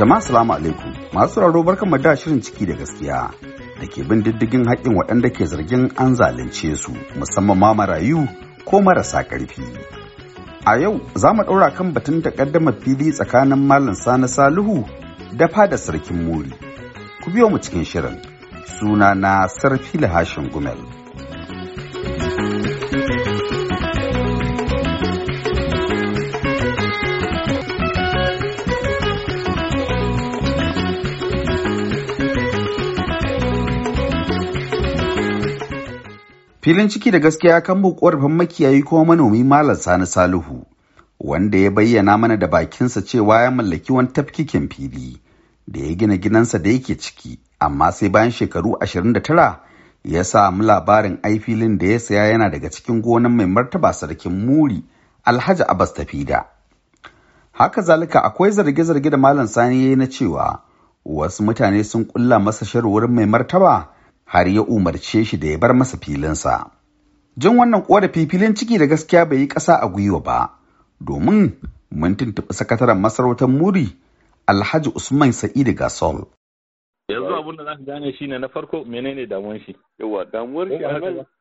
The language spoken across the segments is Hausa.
Jama'a salamu alaikum masu sauraro barkan mu da shirin ciki da gaskiya da ke bin diddigin haƙƙin waɗanda ke zargin an zalunce su musamman ma marayu ko marasa ƙarfi. A yau za mu ɗaura kan batun takaddama fili tsakanin Malam Sani Salihu da fada sarkin Muri. Ku biyo mu cikin shirin suna na sarfi Hashin Gumel. filin ciki da gaskiya kan bukuwar makiyayi kuma manomi malam sani salihu wanda ya bayyana mana da bakinsa cewa ya mallaki wani tafkikin fili da ya gina ginansa da yake ciki amma sai bayan shekaru ashirin da tara, ya samu labarin ai filin da ya saya yana daga cikin gonan mai martaba sarkin muri alhaji abbas tafida haka zalika akwai zarge-zarge da malam sani ya yi na cewa wasu mutane sun kulla masa sharuwar mai martaba har ya umarce shi da ya bar masa filinsa. Jin wannan ƙorafi filin ciki da gaskiya bai yi ƙasa a gwiwa ba, domin mun tuntuɓi sakataren masarautar Muri Alhaji Usman Sa'idu Gasol yanzu abin da zaka gane shine na farko menene damuwar shi yawa damuwar shi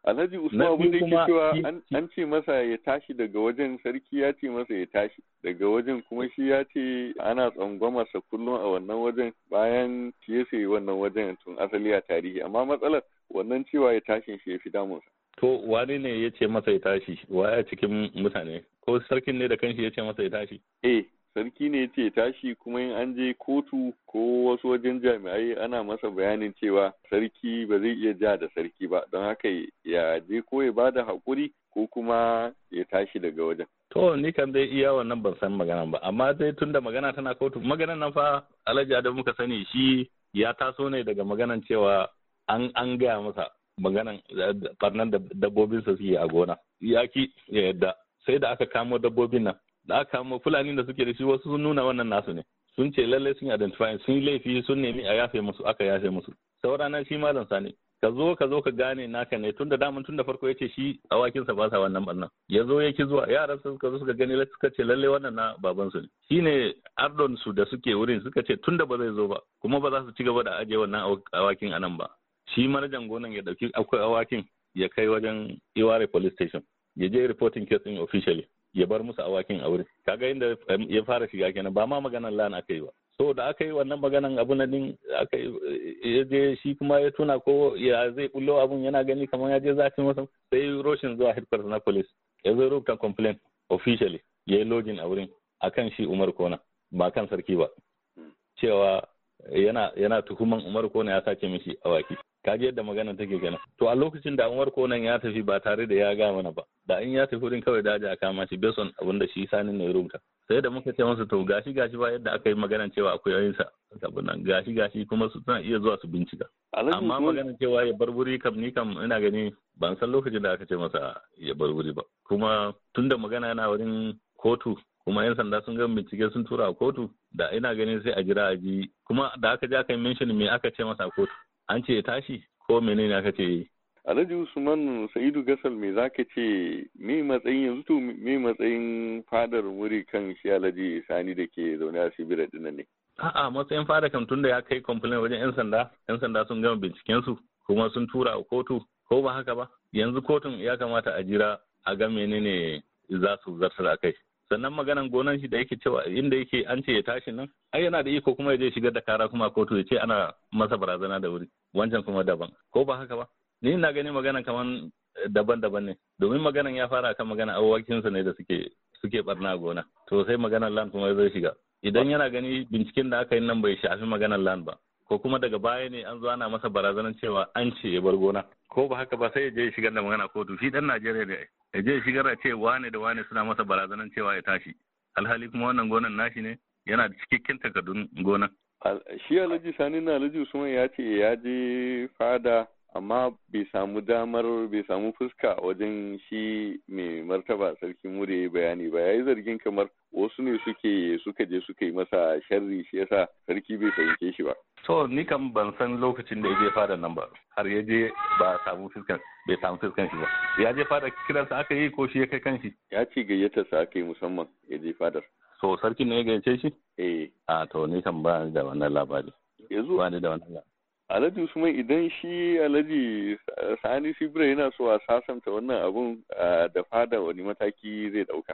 alhaji usman abin da yake cewa an ce masa ya tashi daga wajen sarki ya ce masa ya tashi daga wajen kuma shi ya ce ana tsangwamarsa kullum a wannan wajen bayan shi ya sayi wannan wajen tun asali a tarihi amma matsalar wannan cewa ya tashin shi ya fi damunsa to wane ne ya ce masa ya tashi waya cikin mutane ko sarkin ne da kanshi ya ce masa ya tashi eh sarki ne ce tashi kuma in an je kotu ko wasu wajen jami'ai ana masa bayanin cewa sarki ba zai iya ja da sarki ba don haka ya je ko ya bada haƙuri ko kuma ya tashi daga wajen. To ni kan zai iya wannan ban san magana ba amma dai tunda magana tana kotu maganan nan fa alhaji da muka sani shi ya taso ne daga maganan cewa an an gaya masa maganan farnan eh, dabbobin dabbobinsa suke a gona ya ki ya yadda sai da aka kamo dabbobin nan da aka kama fulani da suke da shi wasu sun nuna wannan nasu ne sun ce lallai sun identify sun yi laifi sun nemi a yafe musu aka yafe musu saurana shi malam sani ka zo ka zo ka gane naka ne tunda daman tunda farko yace shi awakinsa ba sa wannan bannan ya zo yake zuwa yaran suka zo suka gani suka ce lalle wannan na baban su ne shine ardon su da suke wurin suka ce tunda ba zai zo ba kuma ba za su ci gaba da aje wannan awakin anan ba shi manajan gonan ya dauki akwai awakin ya kai wajen Iware police station ya je reporting case in officially ya bar musu awakin a wurin kaga inda ya fara shiga kenan ba ma maganar lan aka yi ba so da aka yi wannan maganan abu na din aka ya je shi kuma ya tuna ko ya zai bullo abun yana gani kamar ya je zafin wasan. sai roshin zuwa headquarters na police ya zo rubuta complain officially ya yi login a wurin akan shi Umar Kona ba kan sarki ba hmm. cewa yana yana tuhuman Umar Kona ya sace mishi awaki kaji yadda magana take kenan to a lokacin da Umar Konan ya tafi ba tare da ya ga mana ba da in ya tafi wurin kawai daji a kama shi beson abin da shi sanin ne rubuta sai da muka ce masa to gashi gashi ba yadda aka yi magana cewa akwai yayinsa abin nan gashi gashi kuma su tana iya zuwa su bincika amma magana cewa ya bar wuri kam ni kam ina gani ban san lokacin da aka ce masa ya bar wuri ba kuma tunda magana yana wurin kotu kuma yan sanda sun gama bincike sun tura a kotu da ina ganin sai a jira a ji kuma da aka je aka yi mention me aka ce masa a kotu an ce tashi ko menene aka ce Alhaji Usman Sa'idu Gasal me zaka ce me matsayin yanzu to me matsayin fadar wuri kan shi Alhaji Sani da ke zaune a Sibira ne? A'a matsayin fada kan da ya kai complaint wajen 'yan sanda, 'yan sanda sun gama binciken su kuma sun tura a kotu ko ba haka ba? Yanzu kotun ya kamata a jira a ga menene za su zartar a kai. sannan maganan gonan shi da yake cewa inda yake an ce ya tashi nan ai yana da iko kuma ya je shigar da kara kuma kotu ya ce ana masa barazana da wuri wancan kuma daban ko ba haka ba ni ina ganin maganan kaman daban-daban ne domin maganan ya fara kan maganan abubakinsa ne da suke suke barna gona to sai maganan land kuma zai shiga idan yana gani binciken da aka yi nan bai shafi maganan land ba ko kuma daga baya ne an zo ana masa barazanar cewa an ce ya bar gona ko ba haka ba sai ya je ya shigar da magana kotu shi dan Najeriya ne ya je ya shigar da ce wane da wane suna masa barazanar cewa ya tashi alhali kuma wannan gonan nashi ne yana da cikakken takardun gona. shi alhaji sani na alhaji usman ya ce ya je fada amma bai samu damar bai samu fuska wajen shi mai martaba sarki mure bayani ba ya yi zargin kamar wasu ne suke suka je suka yi masa sharri shi yasa sarki bai fahimce shi ba to ni kam ban san lokacin da ya je fada nan ba har ya je ba samu fiskan bai samu fiskan shi ba ya je fada sa aka yi ko shi ya kai kanshi ya ce gayyatar sa aka yi musamman ya je fadar so sarkin ne ya gayyace shi eh a to ni kam ba ni da wannan labari yanzu ba ni da wannan labari Alhaji Usman idan shi Alhaji Sani Sibira yana so a sasanta wannan abun da fada wani mataki zai dauka.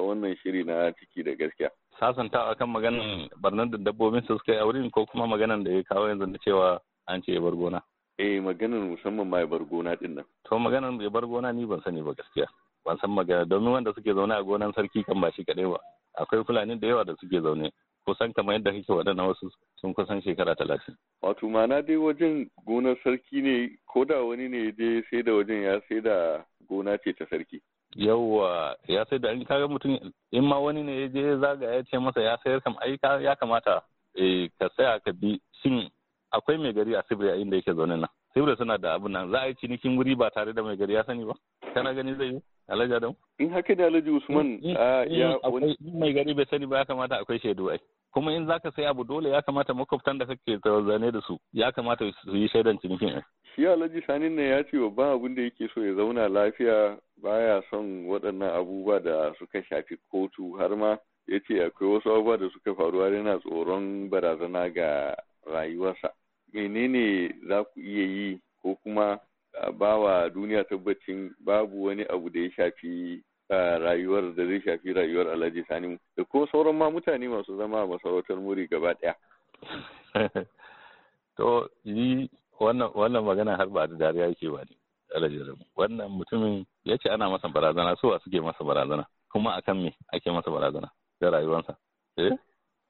wannan shiri na ciki da gaskiya. Sasantawa kan maganan barnar da dabbobin su suka yi wurin ko kuma maganan da ya kawo yanzu na cewa an ce ya bar gona. Eh maganan musamman ma ya bar gona din nan. To maganan ya bar gona ni ban sani ba gaskiya. Ban san magana domin wanda suke zaune a gonan sarki kan ba shi kadai ba. Akwai fulani da yawa da suke zaune. Kusan kamar yadda kake waɗannan wasu sun kusan shekara talatin. Wato mana dai wajen gonar sarki ne ko da wani ne dai sai da wajen ya sai da gona ce ta sarki. yauwa ya sai da an kaga mutum in ma wani ne ya je zaga ya ce masa ya sayar kam ai ya kamata eh, ka tsaya ka bi shin akwai mai gari a sibira inda yake zaune nan sibira suna da abin nan za a yi cinikin wuri ba tare da mai gari ya sani ba kana gani zai yi alhaji adam in haka da alhaji usman A ya wani mai gari bai sani ba ya kamata akwai shaidu ai kuma in zaka sai abu dole ya kamata makwabtan da kake zaune da su ya kamata su yi shaidan cinikin shi alhaji sanin ne ya ce ba abin da yake so ya zauna lafiya baya son waɗannan abubuwa da suka shafi kotu har ma ya ce akwai wasu abubuwa da suka faruwa yana tsoron barazana ga rayuwarsa menene za ku iya yi ko kuma ba wa duniya tabbacin babu wani abu da ya shafi rayuwar da zai shafi rayuwar alhaji sani da ko sauran ma mutane masu zama a masarautar muri gaba ɗaya. to yi wannan magana har ba da dariya yake ba ne alajirin wannan mutumin ya ce ana masa barazana suwa suke masa barazana kuma akan me ake masa barazana da rayuwarsa eh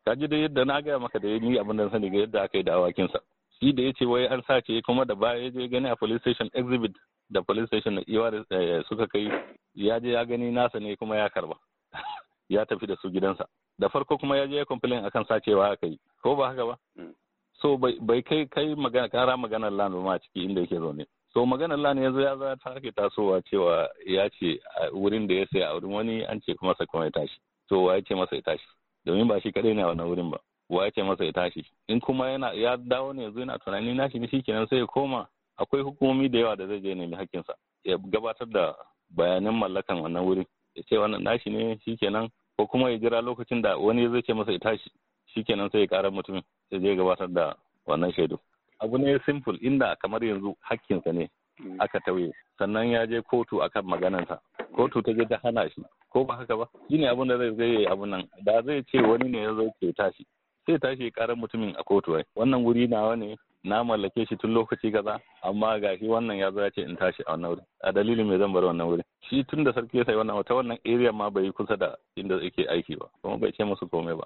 ka ji da yadda na gaya maka da ya ni abin da sani ga yadda aka yi da awakinsa shi da ya ce wai an sace kuma da baya je gani a police station exhibit da police station na iwa eh, suka kai ya je ya gani nasa ne kuma ya karba ya tafi da su gidansa da farko kuma ya je ya complain akan sacewa aka yi ko ba haka ba hmm. so bai kai kai magana kara maganar ma ciki inda yake zaune so maganar ne yanzu ya za ta ke tasowa cewa ya ce wurin da ya saya a wurin wani an ce kuma sakon ya tashi so wa ya ce masa ya tashi domin ba shi kadai ne a wannan wurin ba wa ya ce masa ya tashi in kuma yana ya dawo ne yanzu yana tunani nashi ne shikenan sai ya koma akwai hukumomi da yawa da zai je nemi sa ya gabatar da bayanan mallakan wannan wurin ya ce wannan nashi ne shikenan ko kuma ya jira lokacin da wani zai ce masa ya tashi shikenan sai ya karar mutumin sai ya gabatar da wannan shaidu abu ne simple inda kamar yanzu hakkinsa ne mm. aka tauye sannan ya je kotu a kan maganarsa, kotu ta je ta hana shi ko ba haka ba shi ne abin da zai zai abun nan da zai ce wani ne ya zo ke tashi sai tashi ya karar mutumin a kotu wai wannan wuri nawa ne na mallake shi tun lokaci kaza amma ga shi wannan ya zo ya ce in tashi a wannan wuri a dalilin me zan bar wannan wuri shi tun da sarki ya sai wannan wata wannan area ma bai kusa da inda yake aiki ba kuma bai ce musu komai ba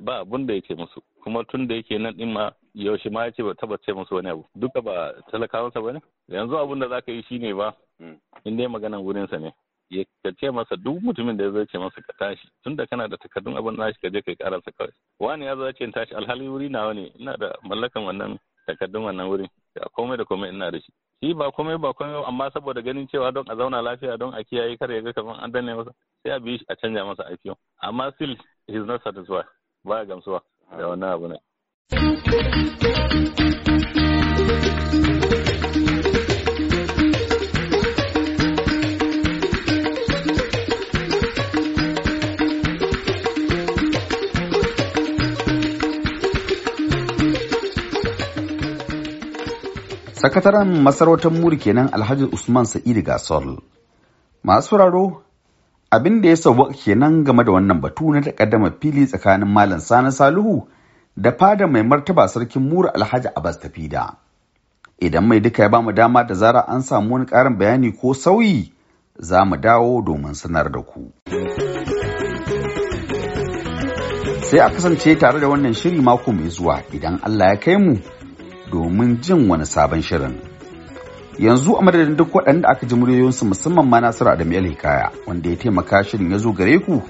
ba abun da ya ce musu kuma tun da yake nan din ma yaushe ma ya ce ba tabbace musu wani abu duka ba talakawansa ba ne yanzu abun da zaka yi shine ba hmm. in dai maganan wurinsa ne ya ce masa duk mutumin da ya zai ce masa ka tashi tun da kana da takardun abin nashi ka je ka yi karasa kawai wani ya zai ce tashi alhali wuri nawa ne ina da mallakan wannan takardun wannan wurin a komai da komai ina da shi shi ba komai ba komai amma saboda ganin cewa don a zauna lafiya don a kiyaye kar ya ga kafin an danne masa sai a bi a canja masa IPO amma still he is not satisfied ba gamsuwa da wannan abu ne sakataren masarautar muri kenan alhaji usman sa'idu gasol masu sauraro abin da ya sauwa kenan game da wannan batu na takaddama fili tsakanin malam sani saluhu da fada mai martaba sarkin muri alhaji abbas tafida idan mai duka ya bamu dama da zara an samu wani karin bayani ko sauyi za mu dawo domin sanar da ku sai a kasance tare da wannan shiri mako mai zuwa idan allah ya kai mu domin jin wani sabon shirin. Yanzu a madadin duk waɗanda aka ji muryoyinsu musamman ma Nasiru Adamu Hikaya wanda ya taimaka shirin ya zo gare ku.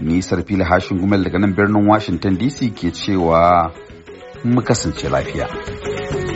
Ni Sarfila Hashin Gumel daga nan birnin Washington DC ke cewa mu kasance lafiya.